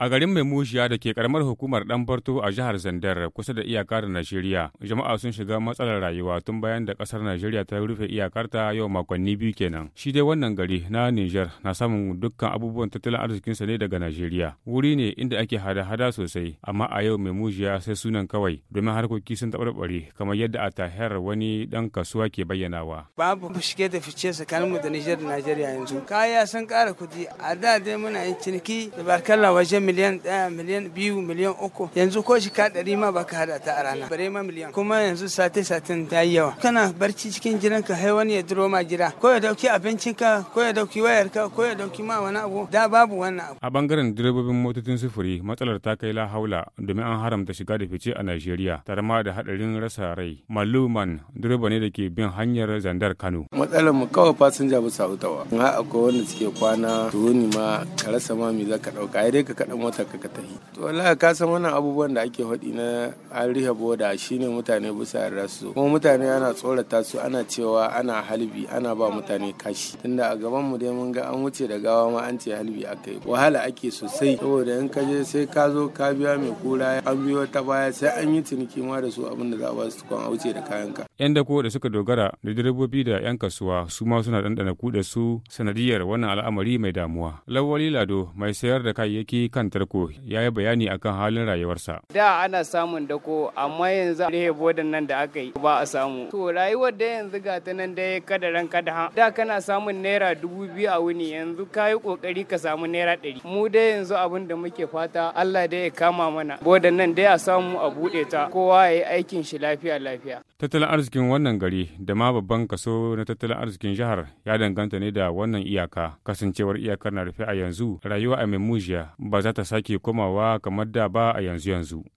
A garin Maimushiya da ke karamar hukumar barto a jihar Zandar kusa da iyaka da Najeriya, jama'a sun shiga matsalar rayuwa tun bayan da kasar Najeriya ta rufe iyakarta yau makonni biyu kenan. Shi dai wannan gari na niger na samun dukkan abubuwan tattalin arzikinsa ne daga Najeriya. Wuri ne inda ake hada-hada sosai, amma a yau mai Maimushiya sai sunan kawai domin harkoki sun taɓarɓare kamar yadda a tahiyar wani dan kasuwa ke bayyanawa. Babu shige da fice tsakanin mu da Nijar da Najeriya yanzu. Kaya sun ƙara kuɗi, a da dai muna yin ciniki da barkalla wajen miliyan ɗaya miliyan biyu miliyan uku yanzu ko shika ɗari ma baka hada ta a rana bare ma miliyan kuma yanzu sati satin ta yi yawa kana barci cikin ka hai wani ya duro ma gida ko ya dauki ka ko ya dauki wayarka ko ya dauki ma wani abu da babu wannan abu a bangaren direbobin motocin sufuri matsalar ta kai lahaula domin an haramta shiga da fice a Najeriya tare ma da hadarin rasa rai maluman direba ne da ke bin hanyar zandar Kano matsalar mu kawai fasinja ba sa in har akwai wanda suke kwana tuni ma ka rasa ma me zaka dauka ai dai ka kada mota ka tafi to wallahi ka san wannan abubuwan da ake faɗi na an riha boda shine mutane bisa rasu kuma mutane ana tsorata su ana cewa ana halbi ana ba mutane kashi tunda a gaban mu dai mun ga an wuce da gawa ma an ce halbi akai wahala ake sosai saboda in ka je sai ka zo ka biya mai kura an biyo ta baya sai an yi ciniki ma da su abin da za a ba su kwan a wuce da kayanka yan dako da suka dogara da direbobi da yan kasuwa su ma suna dandana kuɗa su sanadiyar wannan al'amari mai damuwa lawali lado mai sayar da kayayyaki kan Tarko ya yi bayani akan halin rayuwarsa. Da ana samun dako amma yanzu ya bodan nan da aka yi ba a samu. To rayuwar da yanzu ga ta nan dai kada ran kada ha. Da kana samun naira dubu biyu a wuni yanzu ka yi kokari ka samu naira ɗari. Mu dai yanzu abin da muke fata Allah da ya kama mana. Bodan nan dai a samu a buɗe ta kowa ya yi aikin shi lafiya lafiya. Tattalin arzikin wannan gari da ma babban kaso na tattalin arzikin jihar ya danganta ne da wannan iyaka kasancewar iyakar na rufe a yanzu rayuwa a mai ba za ta ta sake komawa kamar da ba a yanzu-yanzu.